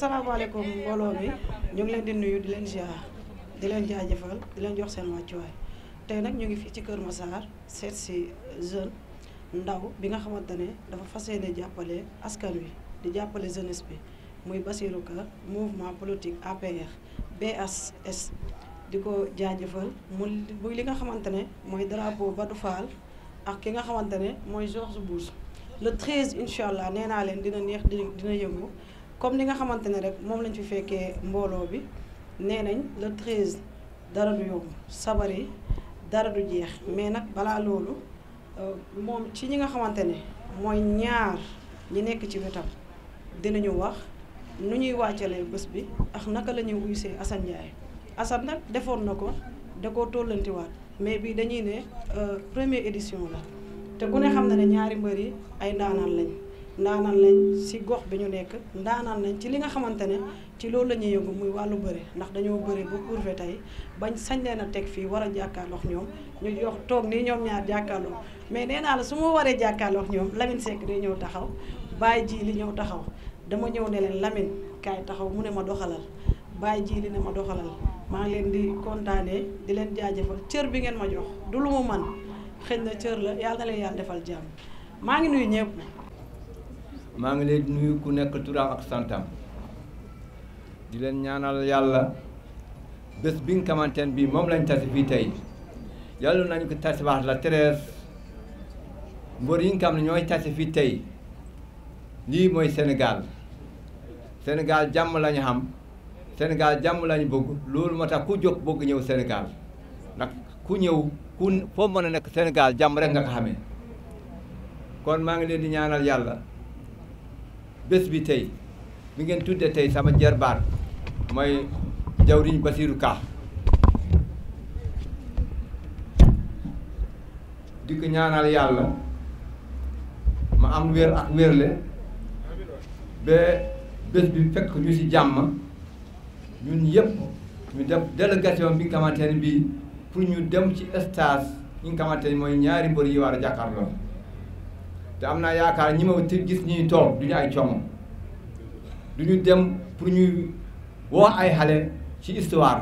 asalaamaaleykum mbooloo mi ñoo ngi leen di nuyu di leen ziar di leen jaajëfal di leen jox seen wàccuwaay tey nag ñu ngi fii ci Kër Massar seet si jeune ndaw bi nga xamante ne dafa fas yéene jàppale askan wi di jàppale jeunesse bi muy Bassirou Ka mouvement politique APR BAS di ko jaajëfal mu muy li nga xamante ne mooy drapeau Badou Fall ak ki nga xamante ne mooy George Bush le 13 incha allah nee naa leen dina neex dina yëngu. comme li nga xamante ne rek moom lañ fi fekkee mbooloo bi nee nañ le 13 dara du yomb sabar yi dara du jeex mais nag balaa loolu euh, moom ci ñi nga xamante ne mooy ñaar ñi nekk ci wetam dinañu wax nu ñuy wàccalee bés bi ak naka la ñuy wuysee Assane Ndiaye Assane nag defoon na ko da koo tollantiwaat mais bii dañuy ne euh, première édition la te ku ne xam na ne ñaari mbër yi ay ndaanaan lañ ndaanaan lañ si gox bi ñu nekk ndaanaan lañ ci li nga xamante ne ci loolu la ñuy yëngu muy wàllu bëre ndax dañoo bëre bu prouvé tey bañ sañ leen a teg fii war a jàkkaarloog ñoom ñu jox toog nii ñoom ñaar jàkkaarloog mais nee naa la su waree jàkkaarloog ñoom Lamine Seck ñëw taxaw bàyyi ji li ñëw taxaw dama ñëw ne leen Lamine kaay taxaw mu ne ma doxalal bàyyi ji li ne ma doxalal maa ngi leen di kontaanee di leen jaajëfal cër bi ngeen ma jox du lu mu man xëy na cër la yàlla na leen yàlla defal jàmm maa ngi nuyu ñëpp. maa ngi leen nuyu ku nekk tura ak santam di leen ñaanal yàlla bés bi nga xamante ne bii moom lañ tasi fii tey yàlla nañu ko tasi wax la treize mbër yi nga xam ne fii tey lii mooy Sénégal Sénégal jàmm lañu xam senegal jàmm lañ bëgg loolu moo ku jóg bëgg ñëw Sénégal ndax ku ñëw ku foo mën a nekk Sénégal jàmm rek nga ko kon maa ngi leen di ñaanal yàlla bés bi tey bi ngeen tuddee tey sama jarbaat mooy jawriñ Basiru Ka dikk ñaanal yàlla ma am wér ak wérle ba bés bi fekk ñu ci jàmm ñun yëpp ñu def délégation bi nga xamante ne bii pour ñu dem ci stage ñi nga xamante ne mooy ñaari mbër yi war a jàkkaarloo te am naa yaakaar ñi ma gis ñuy toog du ñu ay coono du dem pour ñuy woo ay xale ci histoire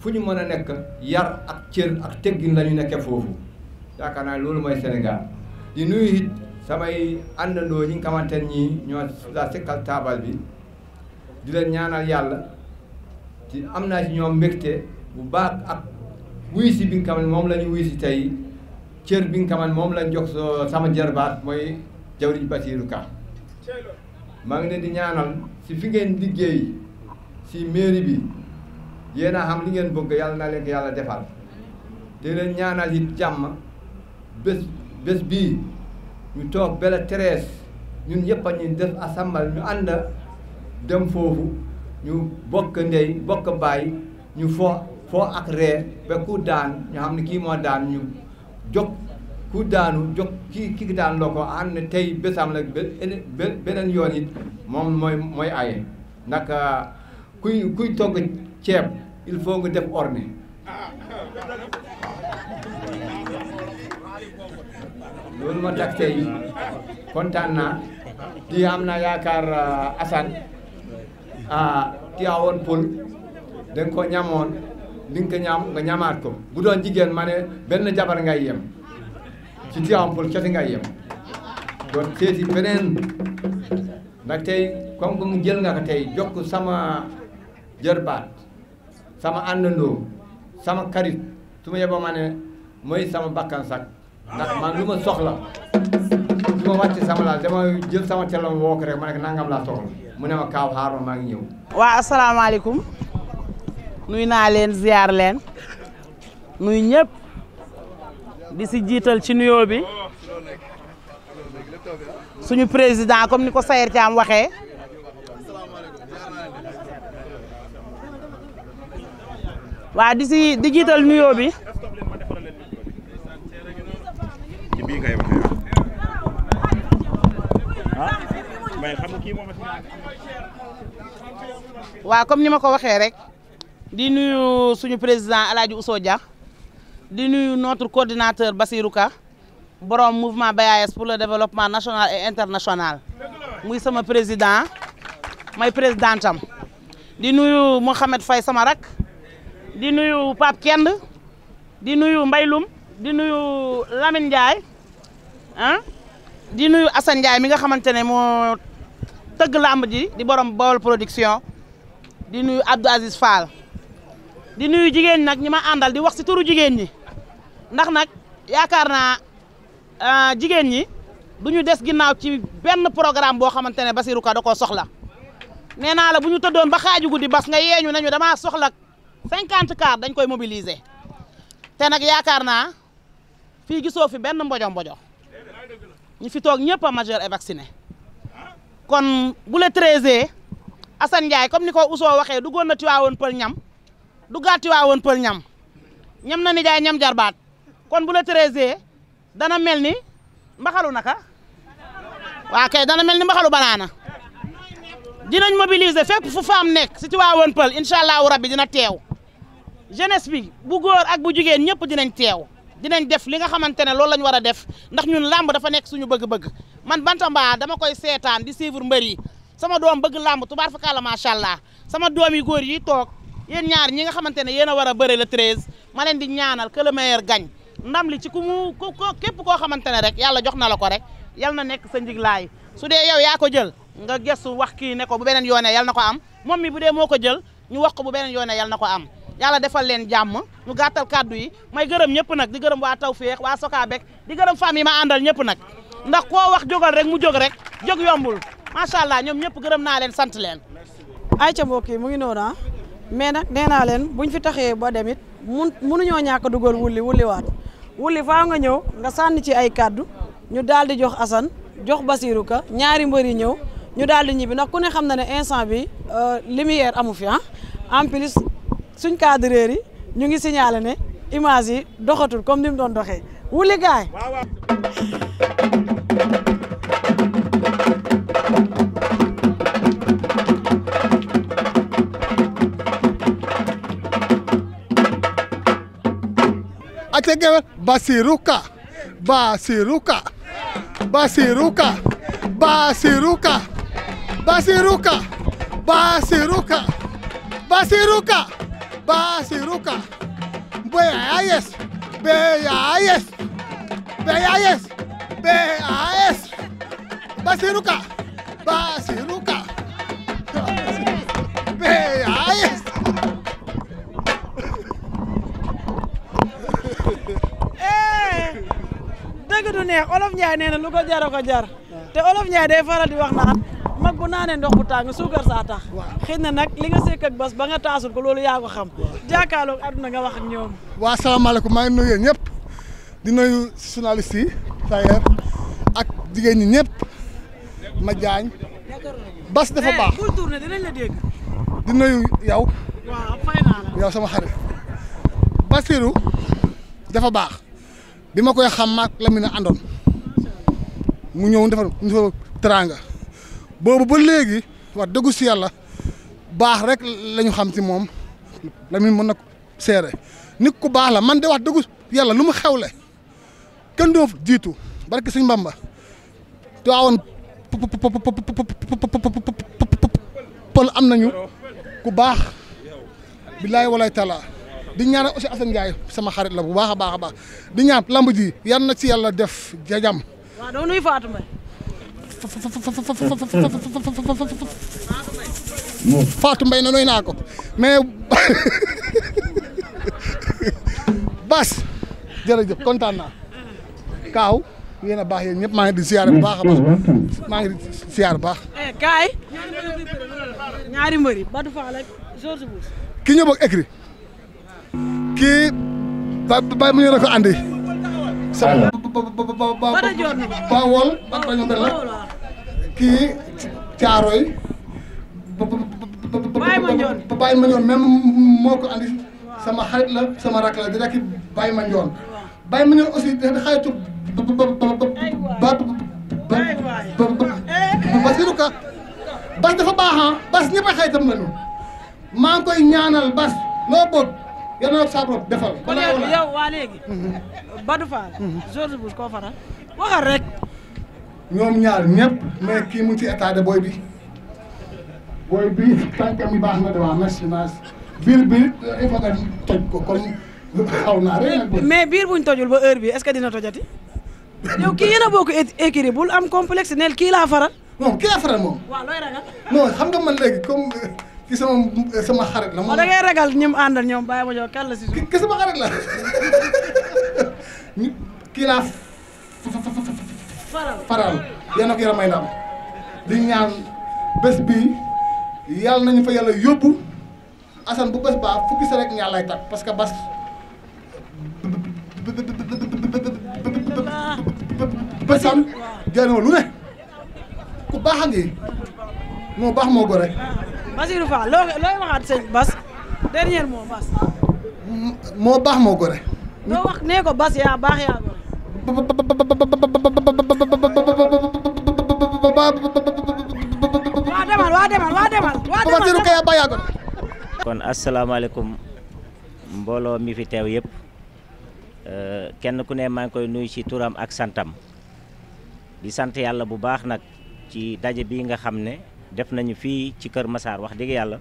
fu ñu mën a nekk yar ak cër ak teggin la ñu nekkee foofu yaakaar naa loolu mooy Sénégal di nuyu it samay àndandoo ñi nga xamante ne ñoo la sekkal taabal bi di leen ñaanal yàlla ci am naa ci ñoom mbégte bu baax ak wuy si bi nga moom la ñu wuy tey cër bi nga xaman moom lañ jox sama jarbaat mooy jawriñ Basiiru Ka maa ngi leen di ñaanal si fi ngeen liggéey si mairie bi yéen a xam li ngeen bëgg yàlla na leen yàlla defal te leen ñaanal it jàmm bés bi ñu toog bela terees ñun yëpp a ñu def asambal ñu ànd dem foofu ñu bokk ndey bokk baay ñu fo fo ak ree ba daan ñu xam ne kii moo daan ñu jóg ku daanu jóg ki ki daan loo ko am ne tey bésam la beneen yoon it moom mooy mooy aye ndax ah, kuy kuy togg ceeb il faut nga def orne loolu ma tax tey kontaan naa di am na yaakaar ah, Assane a ah, ti awoon pël da nga ko ñamoon li nga ko nga ñamaat ko bu doon jigéen ma ne benn jabar ngay yem ci Tivaouane Peulh kese ngay yem doon seeti beneen ndax tey comme que mu jël nga ko tey jokk sama jërbaat sama àndandoo sama karit su ma yeboo ma ne mooy sama bakkan sax ndax man lu ma soxla su ma wàcc sama laal dama jël sama telefon woo ko rek ma ne nangam laa soxla mu ne ma kaaw xaaral maa ngi ñëw. waaw asalaamaaleykum. nuy naa leen ziar leen nuy ñëpp di si jiital ci nuyoo bi suñu président comme ni ko Sayer Thiam waxe waa di si di jiital nuyoo bi waa comme ni ma ko waxee rek di nuyu suñu président El Hadj Dia di nuyu notre coordinateur Bassirou borom mouvement BAS pour le développement national et international muy sama président may présidentam di nuyu Mouhamed fay sama rak di nuyu Pape Kend di nuyu Mbaylum di nuyu Lamine Ndiaye ah di nuyu Assane Ndiaye mi nga xamante ne moo tëgg làmb ji di borom Bawol production di nuyu Abdou Aziz Fall. di nuyu jigéen nag ñi ma àndal di wax si turu jigéen ñi ndax nag yaakaar naa euh, jigéen ñi du ñu des ginnaaw ci benn programme boo xamante ne Basirou Ka da koo soxla nee naa la bu ñu tëddoon ba xaaju guddi bas nga yeeñu nañu damaa soxla 50 car dañ koy mobiliser te nag yaakaar naa fii gisoo fi benn mbojo mbojo ñu fi toog ñëpp a majeur et vacciné kon bu le 13 Assane Ndiaye comme ni ko Ousso waxee duggoon na Tiwaawoon pël ñam. du gàttiwaa woon pël ñam ñam na nijaay ñam jarbaat kon bu la treize dana mel ni mbaxalu naka waa kay dana mel ni mbaxalu banaana dinañ mobiliser fépp fu femme nekk si ci waa woon pël incha allahu rabbi dina teew jeunesse bi bu góor ak bu jigéen ñëpp dinañ teew dinañ def li nga xamante ne loolu lañ war a def ndax ñun làmb dafa nekk suñu bëgg-bëgg man bantamba dama koy seetaan di suivre mbër yi sama doom bëgg làmb tubaar fa kàlla macha allah sama doom yi góor yi toog yéen ñaar ñi nga xamante ne yéen a war a bëre le 13 ma leen di ñaanal que gañ ndam li ci ku mu ku képp koo xamante ne rek yàlla jox na la ko rek yal na nekk sa njiglaay su dee yow yaa ko jël nga gestu wax kii ne ko bu beneen yoonee yal na ko am moom mi bu dee moo ko jël ñu wax ko bu beneen yoonee yal na ko am yàlla defal leen jàmm ñu gàttal kàddu yi may gërëm ñëpp nag di gërëm waa Tawfeex waa Sokabek di gërëm femme yi ma àndal ñëpp nag ndax koo wax jógal rek mu jóg rek jóg yombul macha allah ñoom ñëpp gërëm naa leen sant leen. ayca mu ngi noonu ah. mais nag nee naa leen buñ fi taxee ba demit mun munu ñàkk a dugal wulli wulli waat wulli faa nga ñëw nga sànni ci ay kàddu ñu daal di jox Assane jox Basirou Ka ñaari mbër yi ñëw ñu daal di ñibbi nag ku ne xam na ne instant bi euh, lumière amu fi ah en plus suñ cadreur yi ñu ngi signalé ne image doxatul comme ni doon doxee wuli gaay te gewel Basirou Ka Basirou Ka Basirou Ka Basirou Ka Basirou Ka Basirou Ka Basirou Ka Basirou Ka BAS BAS BAS BAS Basirou Ka Basirou Ka BAS dëgg neex olof Ndiaye nee na lu ko jar ko jar te olof Ndiaye day faral di wax naan mag bu naanee ndox bu tàng suukar saa tax xëy na nag li nga sekk ak bas ba nga taasul ko loolu yaa ko xam jàkkaarloog àdduna nga wax ak ñoom waa salaamaaleykum maa ngi nuyu yéen ñëpp di nuyu journaliste yi tailleur ak jigéen ñi ñëpp ma jaañ bas dafa baax bul eh, di nuyu yow waaw sama xarit Basirou dafa baax bi ma koy xam maak Lamine àndoon mu ñëw defar ñu fa teraanga boobu ba léegi wax dëggu si yàlla baax rek lañu xam si moom la Lamine mën na ko seere nit ku baax la man de wax dëggu yàlla lu mu xewle kenn doo jiitu barke Sëñ Bamba te waawoon pël am nañu ku baax billaay walaay talaa di ñaanal aussi Assane Ndiaye sama xarit la bu baax a baax a baax di ñaan lamb ji yan na ci yàlla def jajam. waaw doo nuyu Fatou na nooy naa ko mais Bas jërëjëf kontaan naa Kaaw yéen a baax yee ñëpp maa ngi di ziar bu baax a baax baax. Eh, kaay. ñaari mbër yi ki ñëw écrit. kii ba ba mu yore ko andi. sama ba ba ba ba ba wol ba ñu la kii caaroy ba ba ba ma ñoon ko andi sama xarit la sama rak la di rekk ma ñoon bàyyi ma ñoon aussi dafa xaritu ba ba ba ba Basiru Ka Bas dafa baax ah Bas ñëpp a xaritam lañu maa ngi koy ñaanal Bas loo bëgg yal na sa bopp defal. kon yow waa léegi. Badou Fall. koo faral waxal rek. ñoom ñaar ñëpp mais kii mu ci état booy bi booy bi tànkam baax bi il faut nga toj ko kon naa rek. mais biir buñ tojul ba heure bi est-ce que dina tojati. yow kii yéen a bokk écurie bul am complexe neel kii laa faral. non kii laa faral moom. waaw looy ragal. non xam nga man léegi ki sama sama xarit la. moom oh, da ngay ragal ñi mu àndal ñoom bàyyi ma jox kan la si suuf. ki sama xarit la kii laa faral faral yéen ak yaramay ndam di ñaan bés bi yàlla nañu fa yàlla yóbbu Assane bu bés baa fukki sa rek ñaar lay tag parce que bas bésam jëriñoo lu ne ku baax a moo baax moo gore Basirou Fall loo looy waxaat sëñ Bas dernier mot Bas. moo baax moo gore. doo wax nee ko Bas yaa baax yaa gore. waa demal waa baax yaa gore. kon asalaamaaleykum mbooloo mi fi teew yépp kenn ku ne maa ngi koy nuyu ci turam ak santam di sant yàlla bu baax nag ci daje bii nga xam ne. def nañu fii ci Kër masaar wax dëgg yàlla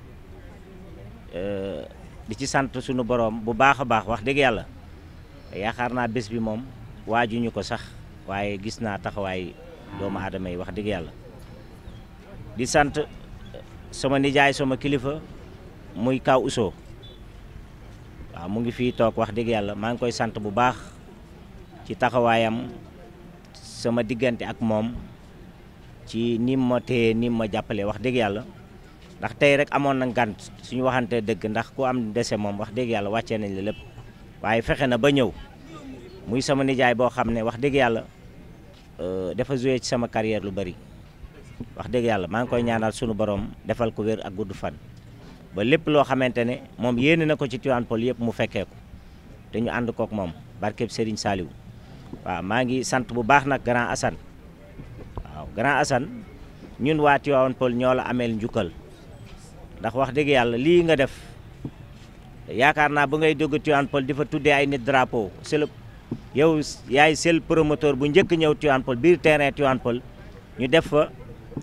euh, di ci sant suñu boroom bu baax a baax wax dëgg yàlla yaakaar naa bés bi moom waajuñu ko sax waaye gis naa taxawaay doomu aadama wax dëgg yàlla di sant euh, sama nijaay sama kilifa muy kaw usoo waaw mu ngi fii toog wax dëgg yàlla maa ngi koy sant bu baax ci taxawaayam sama diggante ak moom ci ni ma téye ni ma jàppale wax dëgg yàlla ndax tey rek amoon na gànt suñu waxante dëgg ndax ku am dese moom wax dëgg yàlla wàccee nañ la lépp waaye fexe na ba ñëw muy sama nijaay boo xam ne wax dëgg yàlla euh, dafa joué ci sama carrière lu bari wax dëgg yàlla maa ngi koy ñaanal suñu borom defal ko wér ak gudd fan ba lépp loo xamante ne moom yéene na ko ci Tivaouane Peulh yëpp mu fekkee ko te ñu ànd kook moom barkeb sëriñ Saliou waaw maa ngi sant bu baax nag grand grand Assane ñun waa Tivaouane Peulh ñoo la ameel njukkal ndax wax dëgg yàlla lii nga def yaakaar naa bu ngay dugg Tivaouane Peulh di fa tuddee ay nit drapo c'est yow yaay seul promoteur bu njëkk ñëw Tivaouane Peulh biir terrain Tivaouane Peulh ñu def fa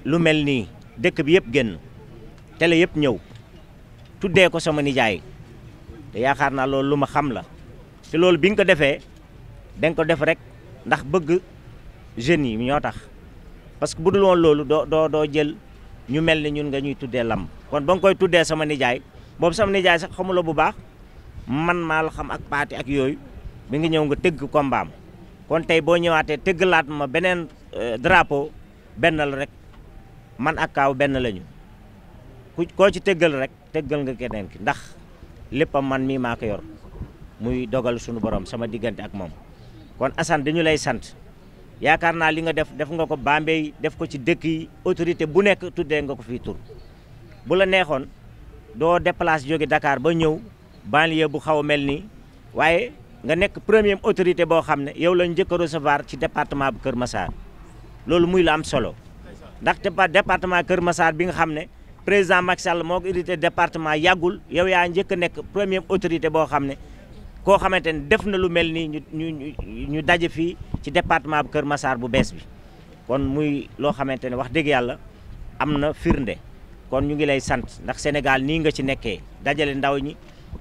lu mel nii dëkk bi yëpp génn télé yëpp ñëw tuddee ko sama nijaay te yaakaar naa loolu lu ma xam la si loolu bi nga ko defee da ko def rek ndax bëgg jeunes yi ñoo tax parce que bu dul woon loolu doo doo doo jël ñu mel ni ñun nga ñuy tuddee lamb kon ba nga koy tuddee sama nijaay boobu sama nijaay sax xamulo bu baax man maa la xam ak paati ak yooyu bi nga ñëw nga tëgg kombaam kon tey boo ñëwaatee tëggalaat ma beneen euh, drapeau benn la rek man ak kaaw benn lañu ku koo ci tëggal rek tëggal nga keneen ki ndax lépp man mii maa ko yor muy dogal suñu borom sama diggante ak moom kon Assane dañu lay sant. yaakaar naa li nga def def nga ko Bambey def ko ci dëkk yi autorité bu nekk tuddee nga ko fii tur bu la neexoon doo déplace jóge dakaar ba ñëw banlieue bu xaw a mel nii waaye nga nekk première autorité boo xam ne yow la njëkk a recevoir ci département bu Kër Massar loolu muy la am solo ndaxte département Kër Massar bi nga xam ne président Macky Sall moo ko irrité département yàggul yow yaa njëkk a nekk premier autorité boo xam ne koo xamante ne def na lu mel nii ñu ñu ñu daje fii ci département bu Kër masaar bu bees bi kon muy loo xamante ne wax dëgg yàlla am na firnde kon ñu ngi lay sant ndax Sénégal nii nga ci nekkee dajale ndaw ñi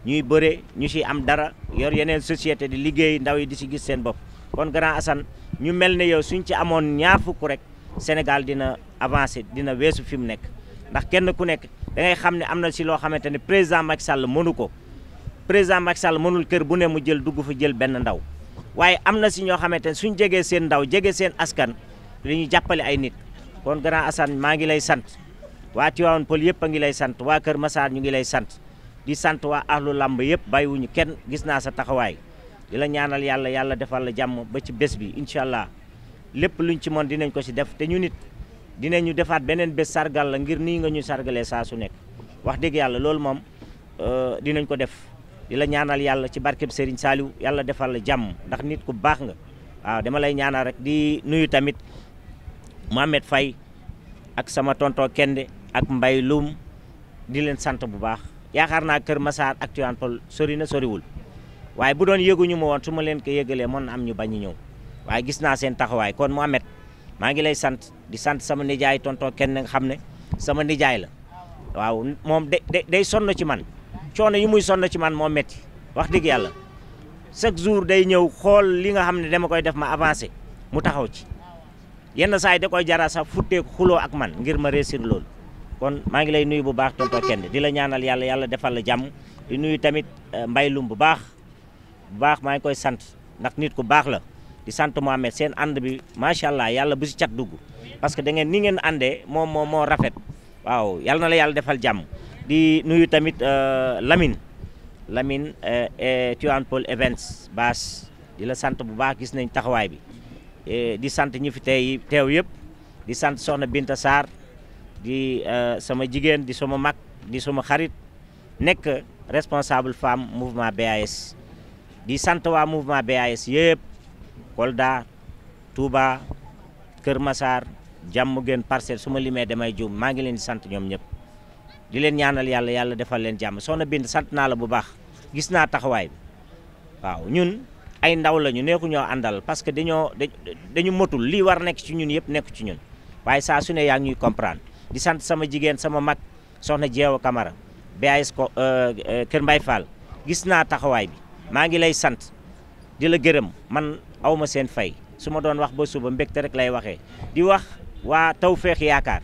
ñuy bëre ñu si am dara yor yeneen société di liggéey ndaw yi di si gis seen bopp kon grand assan ñu mel ne yow suñ ci amoon ñaar fukk rek Sénégal dina avancé dina weesu fi mu nekk ndax kenn ku nekk da xam ne am na si loo xamante ne président Macky Sall mënu ko président Macky Sall mënul kër bu ne mu jël dugg fa jël benn ndaw waaye am na si ñoo xamante ne suñ jegee seen ndaw jege seen askan li ñu jàppale ay nit kon grand Assane maa ngi lay sant waa Tivaouane Peulh yëpp a ngi lay sant waa Kër Massar ñu ngi lay sant di sant waa ahlu làmb yëpp bàyyiwuñu kenn gis naa sa taxawaay di la ñaanal yàlla yàlla defal la jàmm ba ci bés bi incha allah lépp luñ ci moon dinañ ko si def te ñu nit dinañu defaat beneen bés sargal la ngir nii nga ñu sargalee saa su nekk wax dëgg yàlla loolu moom euh, dinañ ko def di la ñaanal yàlla ci barkeb Serigne Saliou yàlla defal la jàmm ndax nit ku baax nga waaw dama lay ñaanal rek di nuyu tamit Mohamed fay ak sama tonton kenn ak mbay lum di leen sant bu baax yaakaar naa Kër Massar ak Tivaouane Peulh sori na soriwul waaye bu doon yëguñu ma woon su ma leen ko yëgalee mën na am ñu bañ a ñëw waaye gis naa seen taxawaay kon Mohamed maa ngi lay sant di sant sama nijaay tontoo kenn nga xam ne sama nijaay la waaw moom day day sonn ci man. coono yi muy sonn ci man moo metti wax dëgg yàlla chaque jour day ñëw xool li nga xam ne dama koy def ma avancé mu taxaw ci yenn saa yi da koy jaraa sax futteeku xuloo ak man ngir ma réussir loolu kon maa ngi lay nuyu bu baax tonton kenn di la ñaanal yàlla yàlla defal la jàmm di nuyu tamit euh, mbaylum bu baax bu baax maa ngi koy sant ndax nit ku baax la di sant Mohamed seen ànd bi macha allah yàlla bu si cat dugg parce que da ngeen ni ngeen àndee moom moo moo rafet waaw yàlla na la yàlla defal jàmm di nuyu tamit euh, Lamine Lamine euh, et Tivaouane Events Bass di la sant bu baax gis nañ taxawaay bi di sant ñi fi tey teew yëpp di sant soxna Binta Sarr di euh, sama jigéen di sama mag di sama xarit nekk responsable femme mouvement BAS di sant waa mouvement BAS yëpp Kolda Touba Kër Massar jàmm gën parcelle su ma limee damay juum maa ngi leen di sant ñoom ñëpp di leen ñaanal yàlla yàlla defal leen jàmm soxna Bind sant naa la bu baax gis naa taxawaay bi waaw ñun ay ndaw lañu nekku ñoo àndal parce que dañoo dañu motul lii war nekk ci ñun yëpp nekku ci ñun waaye saa su ne yaa ngi ñuy comprendre di sant sama jigéen sama mag soxna Jeewa Kamara BAS ko euh, euh, Kër Mbay Fall gis naa taxawaay bi maa ngi lay sant di la gërëm man awma seen fay su ma doon wax ba suba mbégte rek lay waxee di wax waa Tawfekh Yaakaar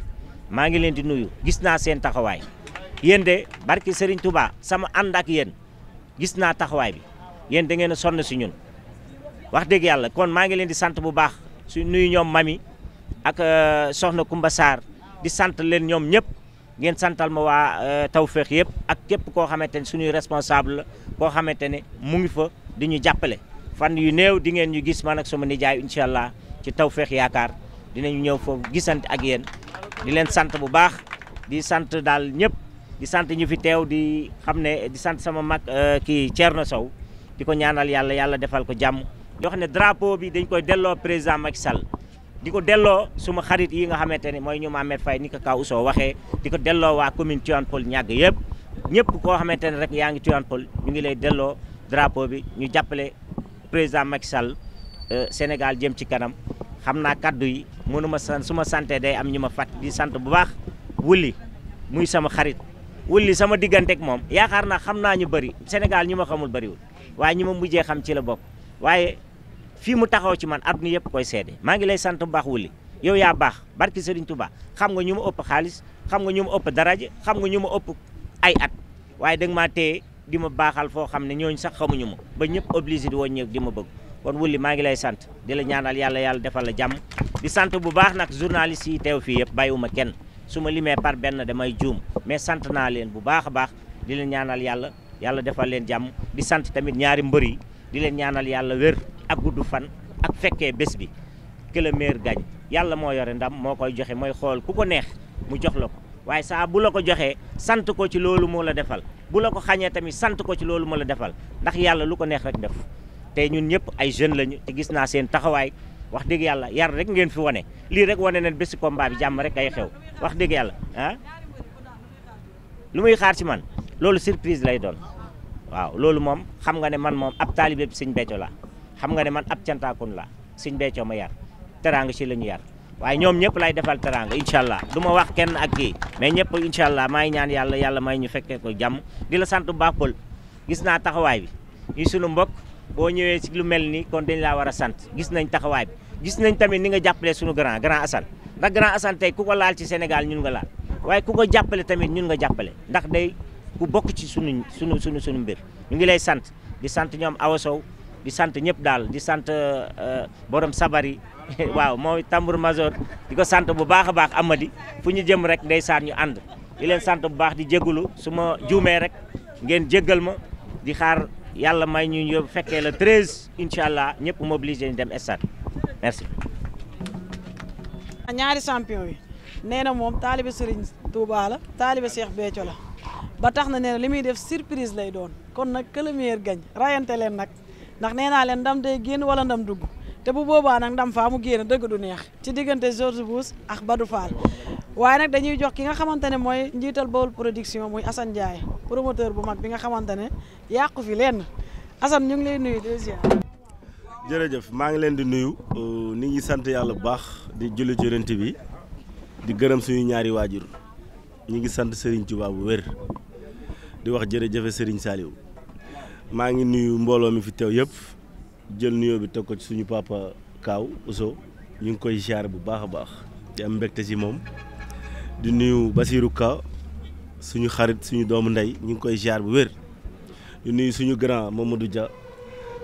maa ngi leen di nuyu gis naa seen taxawaay yéen de barki Serigne tubaa sama ànd ak yéen gis naa taxawaay bi yéen da ngeen a sonn si ñun wax dëgg yàlla kon maa ngi leen di sant bu baax su nuyu ñoom mami ak euh, soxna Kumba Sarr di sant leen ñoom ñëpp ngeen santal ma waa euh, Tawfekh yëpp ak képp koo xamante ne suñuy responsable la koo xamante ne mu ngi fa di ñu jàppale fan yu néew di ngeen ñu gis man ak sama nijaay incha allah ci Tawfekh yaakaar dinañu ñëw foofu gisante ak yéen di leen sant bu baax di sant daal ñëpp di sant ñu fi teew di xam ne di sant sama mag euh, kii Thierno Sow di ko ñaanal yàlla yàlla defal ko jàmm. yoo xam ne drapeau bi dañ koy delloo président Macky Sall di ko delloo suma xarit yi nga xamante ne mooy ñu amee fay ni ko Kaw Ousso waxee di ko delloo waa commune Tivaouane Peulh ñàgg yëpp ñëpp koo xamante ne rek yaa ngi Tivaouane Peulh ñu ngi lay delloo drapeau bi ñu jàppale président Macky Sall euh, Sénégal jëm ci kanam. xam naa kaddu yi mënuma sant su ma sante day am ñu ma fàtt di sant bu baax wulli muy sama xarit wulli sama digganteeg moom yaakaar naa xam naa ñu bëri Sénégal ñu ma xamul bëriwul waaye ñi ma mujjee xam ci la bokk waaye fii mu taxaw ci man adduna yëpp koy seede maa ngi lay sant bu baax wulli yow yaa baax barki Sëriñ Tuubaa xam nga ñu ma ëpp xaalis xam nga ñu ma ëpp daraja xam nga ñu ma ëpp ay at waaye da nga maa téye di ma baaxal foo xam ne ñooñ sax xamuñu ma ba ñëpp obligé di woon ñëw ma bëgg kon wulli maa ngi lay sant di la ñaanal yàlla yàlla defal la jàmm di sant bu baax nag journaliste yi teew fii yëpp bàyyiwuma kenn su ma limee par benn damay juum mais sant naa leen bu baax a baax di leen ñaanal yàlla yàlla defal leen jàmm di sant tamit ñaari mbër yi di leen ñaanal yàlla wér ak gudd fan ak fekkee bés bi que le meilleur yàlla moo yore ndam moo koy joxe mooy xool ku ko neex mu jox la ko waaye saa bu la ko joxee sant ko ci loolu moo la defal bu la ko xañee tamit sant ko ci loolu moo la defal ndax yàlla lu ko neex rek def tey ñun ñëpp ay jeunes lañu te gis naa seen taxawaay wax dëgg yàlla yar rek ngeen fi wane lii rek wane neen bési combat bi jàmm rek ay xew wax dëgg yàlla ah lu muy xaar ci man loolu surprise lay doon waaw loolu moom xam nga ne man moom ab taalibe bi sëñ Béthio laa xam nga ne man ab cantaakun laa sëñ Béthio ma yar teraanga si la ñu yar waaye ñoom ñëpp lay defal teraanga incha allah du ma wax kenn ak kii mais ñëpp incha allah maa ngi ñaan yàlla yàlla may ñu fekkee ko jàmm di la sant bu gis naa taxawaay bi ñu sunu boo ñëwee si lu mel ni kon dañ laa war a sant gis nañ taxawaay bi gis nañ tamit ni nga jàppalee suñu grand grand Assane ndax grand Assane tey ku ko laal ci Sénégal ñun nga laal waaye ku ko jàppale tamit ñun nga jàppale ndax day ku bokk ci suñu suñu suñu suñu mbir ñu ngi lay sant di sant ñoom Awa Sow di sant ñëpp daal di sant euh, borom sabar yi waaw mooy tambour major di ko sant bu baax a baax Amady fu ñu jëm rek ndeysaan ñu ànd di leen sant bu baax di jégalu su ma juumee rek ngeen jéggal ma di xaar yàlla may ñu yóbbu fekkee la 13 incha allah ñëpp mobiliser ñu dem stade merci. Ah, ñaari champion yi nee na moom taalibe Serigne Touba la taalibe Cheikh Béthio la ba tax na nee li muy def surprise lay doon kon nag que le meilleur leen nag ndax nee naa leen ndam day génn wala ndam dugg te bu boobaa nag ndam faa mu génn dëgg du neex ci diggante George Bush ak Badou Fall. waaye nag dañuy jox ki nga xamante ne mooy njiital Baol production muy Assane Ndiaye promoteur bu mag bi nga xamante ne yàqu fi lenn Assane ñu ngi leen nuyu di ziar. jërëjëf maa ngi leen di nuyu ni euh, ngi sant yàlla bu baax di julli ci bi di gërëm suñu ñaari waajur ñi ngi sant Serigne Touba bu wér di wax jërëjëf Serigne Saliou maa ngi nuyu mbooloo mi fi teew yëpp jël nuyoo bi teg ko ci suñu papa Kaaw Ousso ñu ngi koy ziar bu baax a baax di am mbégte ci moom. di nuyu Basirou Ka suñu xarit suñu doomu ndey ñu ngi koy jaar bu wér di nuyu suñu grand Mamadou ja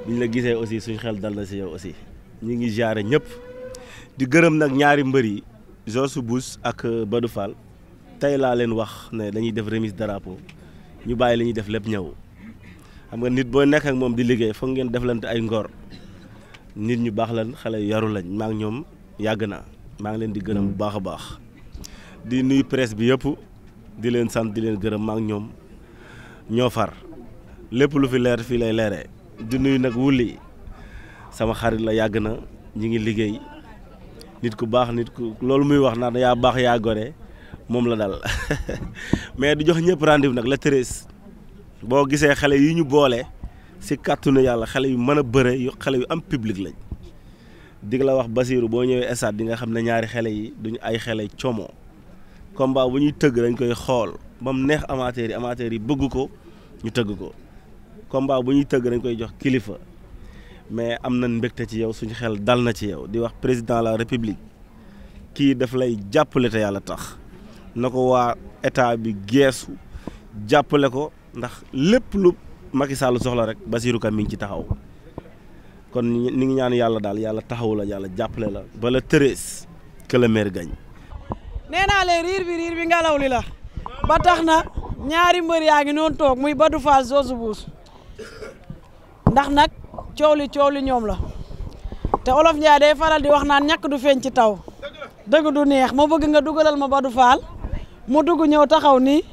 biñ la gisee aussi suñu xel dal na si yow aussi ñu ngi ziare ñëpp di gërëm nag ñaari mbër yi su Bush ak euh, Badou Fall tey laa leen wax ne dañuy def remise drapeau ñu bàyyi li ñuy def lépp ñëw xam nga nit boo nekk moom di liggéey foog ngeen deflante ay ngor nit ñu baax lan xale yaru lañ maa ngi ñoom yàgg na maa ngi leen di gërëm bu baax a baax. di nuyu presse bi yëpp di leen sant di leen gërëm maak ñoom ñoo far lépp lu fi leer fii lay leere di nuyu nag wulli sama xarit la yàgg na ñi ngi liggéey nit ku baax nit ku loolu muy wax naan yaa baax yaa gore moom la dal mais du jox ñëpp rendez-vous nag la treize boo gisee xale yi ñu boole si na yàlla xale yu mën a bëre yu xale yu am public lañ dig la wax Basiiru boo ñëwee stade di nga xam ne ñaari xale yi duñu ay xale como combat bu ñuy tëgg lañ koy xool ba mu neex amateurs yi amateurs yi bëgg ko ñu tëgg ko combat bu ñuy tëgg lañ koy jox kilifa mais am nañ mbégte ci yow suñu xel dal na ci yow di wax président la république kii daf lay jàppale te yàlla tax na ko waa état bi geesu jàppale ko ndax lépp lu Macky Sall soxla rek Basirou Ka mi ngi ci taxaw kon ni ngi ñaan yàlla daal yàlla taxaw la yàlla jàppale la bala tërees que le maire gagne nee naa leen riir bi riir bi nga li la ba tax na ñaari mbër yaa ngi noonu toog muy Badou Fall Zosu Buus ndax nag coow li coow li ñoom la te olof Ndiaye day faral di wax naan ñàkk du feeñ ci taw dëgg du neex ma bëgg nga dugalal ma Badou Fall mu dugg ñëw taxaw nii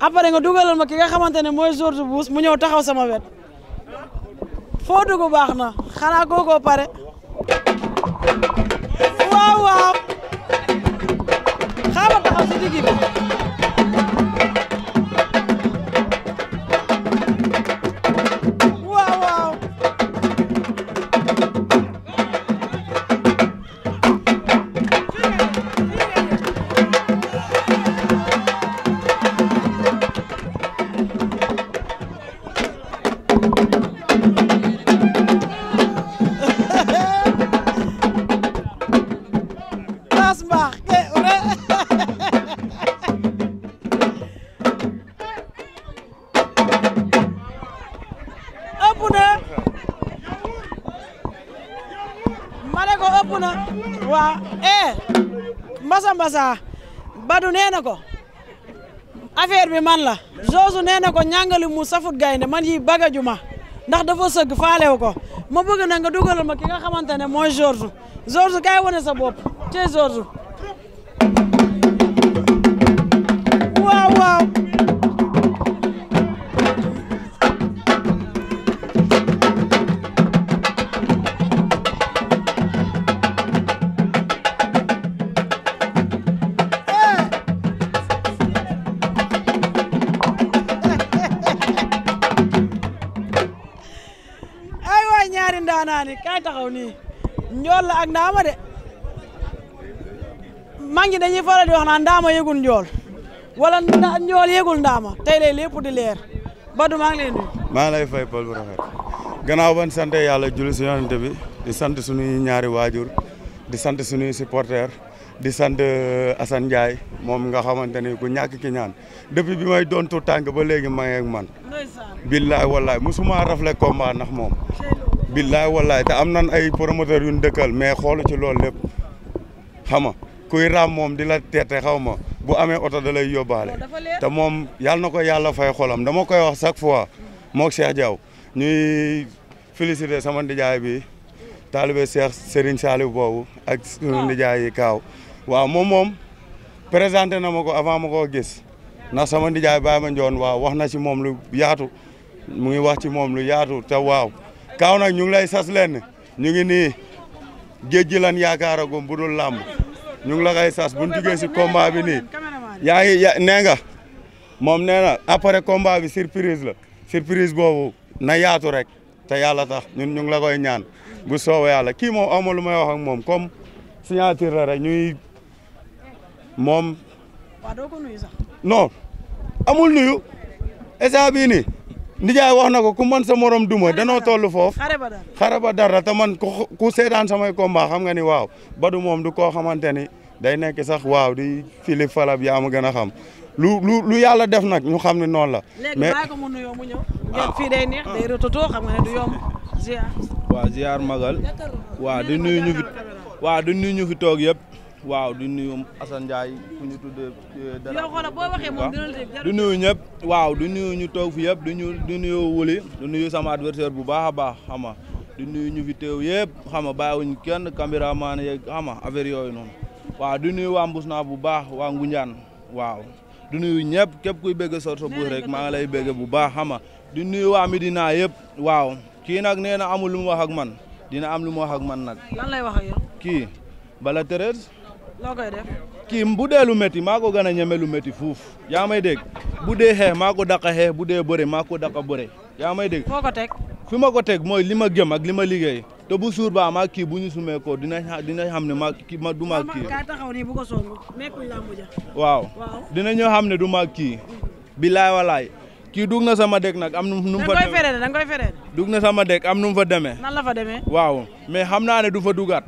après nga dugalal ma ki nga xamante ne mooy Zosu Buus mu ñëw taxaw sama wet foo dugg baax na xanaa kookoo pare. ci digg bi Massa Badou nee na ko affaire bi man la Zosu nee na ko ñàngali mu safut gaynde man yi bagaju ma ndax dafa sëgg faalew ko ma bëgg na dugalal ma ki nga xamante ne mooy George George kaay wane sa bopp cey George waaw waaw ñi dañuy faral di wax ndaama yëgul njool wala njool yëgul ndaama tey lay lépp di leer Badou maa ngi lay nuyu. maa lay fay Paul bu rafet gannaaw ban sant yàlla julli si yonent bi di sant suñuy ñaari waajur di sant suñuy supporters di sant eh, Assane Ndiaye moom nga xamante ni ku ñàkk ki ñaan depuis bi may doon tu ba léegi ma ngi ak man. billaay wallaay musuma rafle combat ndax moom. billaay wallaay te am nan ay promoteurs yu ñu dëkkal mais xoolu ci loolu lépp kuy raam moom di la teete xaw ma bu amee oto da lay yóbbaale te moom yàlla na ko yàlla fay xolam dama koy wax chaque fois mook Cheikh Diaw ñuy féliciter sama ndijaay bi taalibe Cheikh Serigne Saliou boobu ak sunu ndijaay kaaw waaw moom moom présenté na ma ko avant ma ko gis na sama ndijaay Baye ma Ndione waaw wax na si moom lu yaatu mu ngi wax ci moom lu yaatu te waaw kaaw nag ñu ngi lay sas lenn ñu ngi nii géej gi lan yaakaaragum bu dul làmb ñu ngi la koy sas bu ñu duggee si combat bi nii yaa ngi ya nee nga moom nee na bi surprise la surprise boobu na yaatu rek te yàlla tax ñun ñu ngi la koy ñaan bu soobee yàlla kii moom amul lu may wax ak moom comme signature la rek ñuy moom. waaw doo amul nuyu état bii nijaay wax na ko ku man sa morom duma danoo toll foofu xaraba dara te man ku seetaan samay combat xam nga ni waaw badu moom du koo xamante ni day nekk sax waaw di filip falab yaa ma gën a xam lu lu lu yàlla def nag ñu xam ne noonu la. mais léegi ko ziar. magal. waaw di nuyu ñu fi waaw di nuyu ñu toog yëpp. waaw du nuyu Assane Ndiaye ku ñu tudd. Euh, ñëpp waaw du nuyu ñu toog fi yëpp du ñu du nuyu wuli du nuyu sama adversaire bu baax a baax xam nga du nuyu ñu fi teew yëpp xam nga bàyyiwuñ kenn caméraman yeeg xam nga affaire yooyu noonu waaw du nuyu waa Mbusnaa bu baax waa Ngunjaan waaw du nuyu ñëpp képp kuy bëgg sor sa buur rek maa lay bëgg bu baax xam du nuyu waa Medina yëpp waaw kii nag nee na amul lu mu wax ak man dina am lu mu ak man nag. lan lay wax loo koy kii bu dee lu métti maa ko gën ñeme lu métti fuuf yaa may dégg bu dee xeex maa ko daq a xeex bu dee bëre maa ko daq a bëre yaa may dégg foo ko teg fi ma ko teg mooy li ma gëm ak li ma liggéey te bu suur ba maa kii bu ñu sumee ko dina dina xam ne maa kii ma du maa kii waaw dina ñoo xam ne du maa kii bilaay walaay kii dugg na sama dëkk nag am nu mu fa demee dugg na sama dëkk am nu mu fa demee la fa demee waaw mais xam naa ne du fa dugaat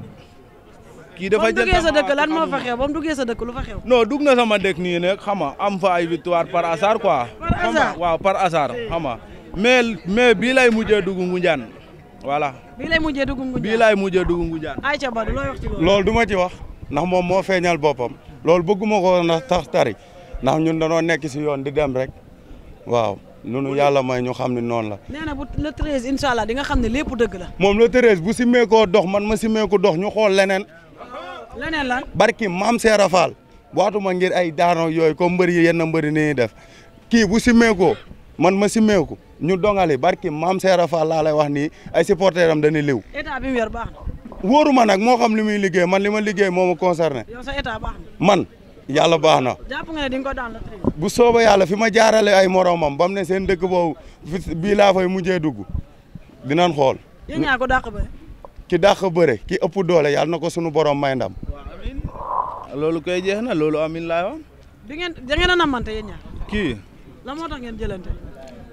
kii dafa jël sa dëkk lan moo fa xew ba mu duggee sa dëkk fa xew. non dugg na sama dëkk nii nag xam nga am fa ay par hasard quoi. par hasard waaw par hasard xam nga mais mais bii lay mujjee dugg Ngoundiane voilà. bii lay mujjee dugg Ngoundiane bii lay mujjee dugg Ngoundiane. ayca Badou du ma ci wax ndax moom moo feeñal boppam loolu bëgguma ko na tax tari ndax ñun danoo nekk si yoon di dem rek waaw. nunu yàlla ma ñu xam ne noonu la. nee na bu le treize incha di nga xam ne lépp dëgg la. moom bu simmee koo dox man ma simmee ko dox ñu xool leneen. leneen lan barki maam Seera Fall ma ngir ay daano yooyu ko mbër yi yenn mbër yi ni def kii bu simmeekoo man ma simmeeku ñu dongali barki maam Seera Fall laa lay wax nii ay supporter am dañuy liw. état bi nag moo xam li muy liggéey man li ma liggéey moo ma concerné. yow man yàlla baax na. jàpp ko daan bu sooba yàlla fi ma jaarale ay moromam bam mu ne seen dëkk boobu bii laa fay mujjee dugg dinaan xool. ki dàq bëre ki ëpp doole yàlla na ko sunu borom may ndam. amiin loolu koy jeex na loolu amiin laa wax. di ngeen da ngeen a ki yéen ñaar. ngeen jëlante.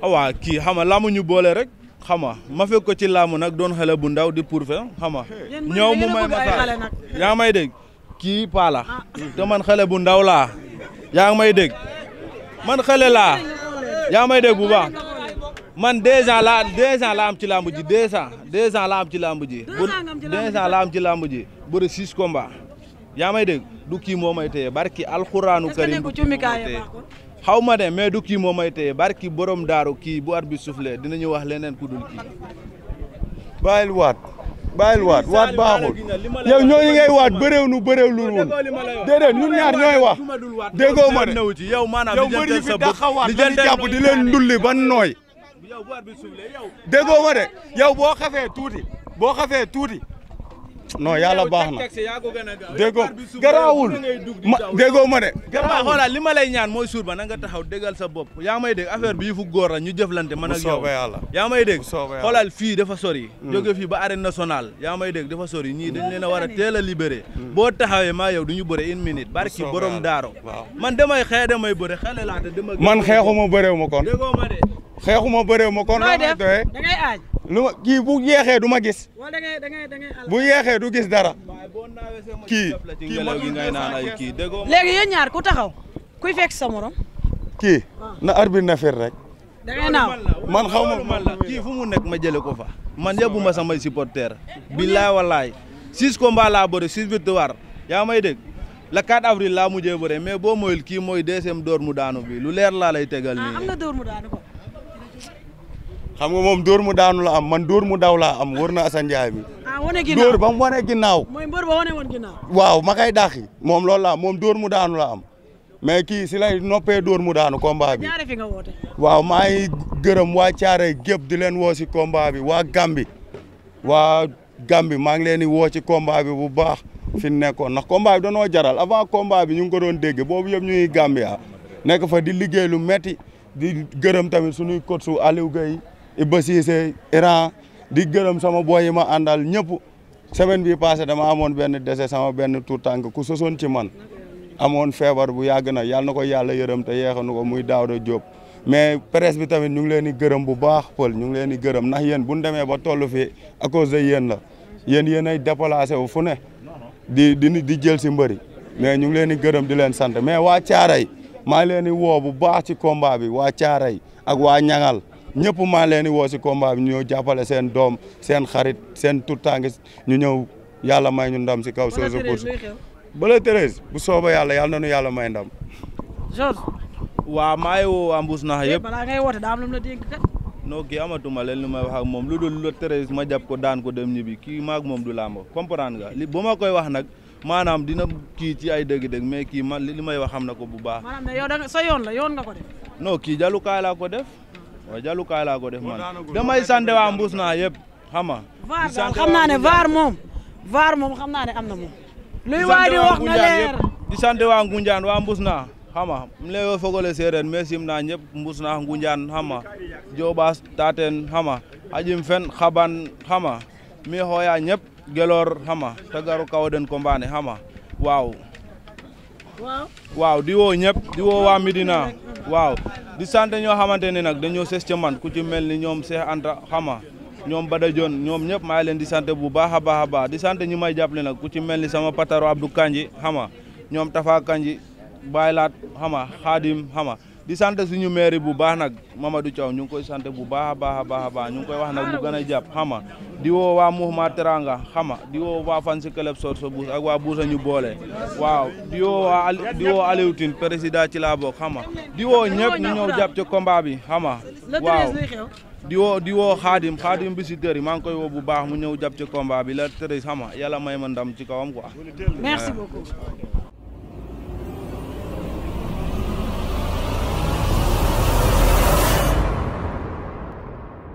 awaa ah, xam nga laamu ñu boole rek. xam nga ma fekk ko ci laamu nag doon xale bu ndaw di pourfe xam nga. ñëw mu may ma saa may dégg. kii paa ah. te man xale bu ndaw laa. ngi may dégg man xale laa. yaa may dégg bu baax. man deux la laa deux am ci làmb ji deux ans deux la am ci làmb ji. deux ans laa am ci làmb ji bëri six combats. yaa may dégg du kii moo may téye barki alxuraanu karim xaw ma de mais du kii moo may téye barki borom daaru kii bu arbitre soufflé dinañu wax leneen ku dul kii. bàyyil waat waat waat baaxul yow ñooñu ngay waat bëréew nu bëréew lu woon déedéet ñun ñaar ñooy wax déggoo ma de yow bëri fi daxa waat li jàpp di leen ndulli ban nooy déggoo ma de yow boo xafee tuuti boo xafee tuuti non yàlla baax na déggoo garaawul ma déggoo ma de. garaawul xoolal li ma lay ñaan mooy suur ba na nga taxaw déggal sa bopp yaa may dégg affaire bi yu fu góor la ñu jëflante man ak yow yaa may dégg xoolal fii dafa sori mm. jóge fi ba arène nationale yaa may dégg dafa sori ñii dañ leen a war a mm. teel a libéré mm. boo taxawee ma yow du ñu bëre une minute barki borom daaro man damay xee damay bëre xale laa te man xeexuma bëreew ma kon déggoo ma de xeexuma bëreew ma kon da ngay aaj lu kii bu yeexee du ma gis. bu yeexee du gis dara. kii kii ma léegi yéen ñaar ku taxaw kuy fekk sa morom. kii na arbitre na fir rek. da man xaw ma kii fu mu nekk ma jëlee ko fa. man yóbbu ma samay supporters. Eh, billaay wallaay six combats laa bëri six victoires yaa may dégg. le 4 avril laa mujjee bëre mais boo moyul kii mooy deuxième door mu daanu bi lu leer laa lay tegal ah, nii. xam nga moom dóor mu daanu la am man dóor mu daw laa am wër na Assane Ndiaye bi. ah wane ginnaaw ba mu wane ginnaaw. mooy mbër ba wane woon ginnaaw. waaw ma koy dàqi moom loolu laa moom dóor mu daanu la am mais kii si noppee door mu daanu combat bi. ñaare fi waaw maa ngi gërëm waa Thiaroye gépp di leen woo si combat bi waa Gambi waa Gambi maa ngi leen di woo ci combat bi bu baax fi mu nekkoon ndax combat bi danoo jaral avant combat bi ñu ngi ko doon dégg boobu yëpp ñu ngi Gambia nekk fa di liggéey lu metti di gërëm tamit suñuy coach su Aliou Iba Cissé Iran di gërëm sama boy yi ma àndal ñëpp semaine bi passé dama amoon benn décès sama benn tuut tànk ku sosoon ci man amoon feebar bu yàgg na yàlla na ko yàlla yërëm te yeexanu ko muy Daouda Diop mais presse bi tamit ñu ngi leen di gërëm bu baax pël ñu ngi leen di gërëm ndax yéen bu demee ba toll fii à cause de yéen la yéen yéen ay déplacé wu fu ne di di di jël si mbëri mais ñu ngi leen di gërëm di leen sant mais waa Caaray maa ngi leen di woo bu baax ci combat bi waa Caaray ak waa ñaŋal ñëpp maa leen di si combat bi ñu ñëw jàppale seen doom seen xarit seen tuttaange ñu ñëw yàlla may ñu ndam si kaw. Sose Course la Térèse bu sooba yàlla yàlla na ñu yàlla may ndam. George. waa maa ngi woo Mbuus Nax yëpp eh, balaa ngay woote daa amatuma leen lu may wax ak moom lu dul la Térèse ma jàpp ko daan ko dem ñibbi kii moom du làmb comprendre nga li bu ma koy wax nag. maanaam dina kii ci ay dëgg-dëgg mais kii man li may wax xam na ko bu baax. maanaam ne yow da la ko def. waaw jallukaay laa ko man damay sant waa mbuus naa yëpp vaar daal xam naa vaar moom. vaar moom xam naa am na moom. luy waay di wax na di sant waa Ngunjaan waa mbuus naa mu lay yoo fogole séeréer mais sim naa ñëpp mbuus Ngunjaan xam nga Taateen xam ajim fen xaban xam nga mi xooyaa geloor xam nga te garu kombaane xam waaw waaw di woo ñëpp di woo waa Midina waaw di sant ñoo xamante ne nag dañoo ses ca man ku ci mel ni ñoom Cheikh Anta xama ñoom Bada Dione ñoom ñëpp maa leen di sant bu baax a baax baax di sant ñi may jàppale nag ku ci mel ni sama pataro Abdou Kanji xama ñoom Tafa Kanji Baylaat xama Xaadim xama di sant suñu mairie bu baax nag Mamadou Thiaw ñu ngi koy sant bu baax a baax a baax ñu ngi koy wax nag mu gën a jàpp xama di woo waa Mouvement Teranga xama di woo waa fan si club Sorso Bouss ak waa Boussa boole waaw di woo waa di ci laa xama di woo ñëpp ñu ñëw jàpp ci combat bi xama waaw di woo di woo xaadim xaadim visiteurs yi maa ngi koy woo bu baax mu ñëw jàpp ci combat bi la tëri xama yàlla may ma ndam ci kawam quoi merci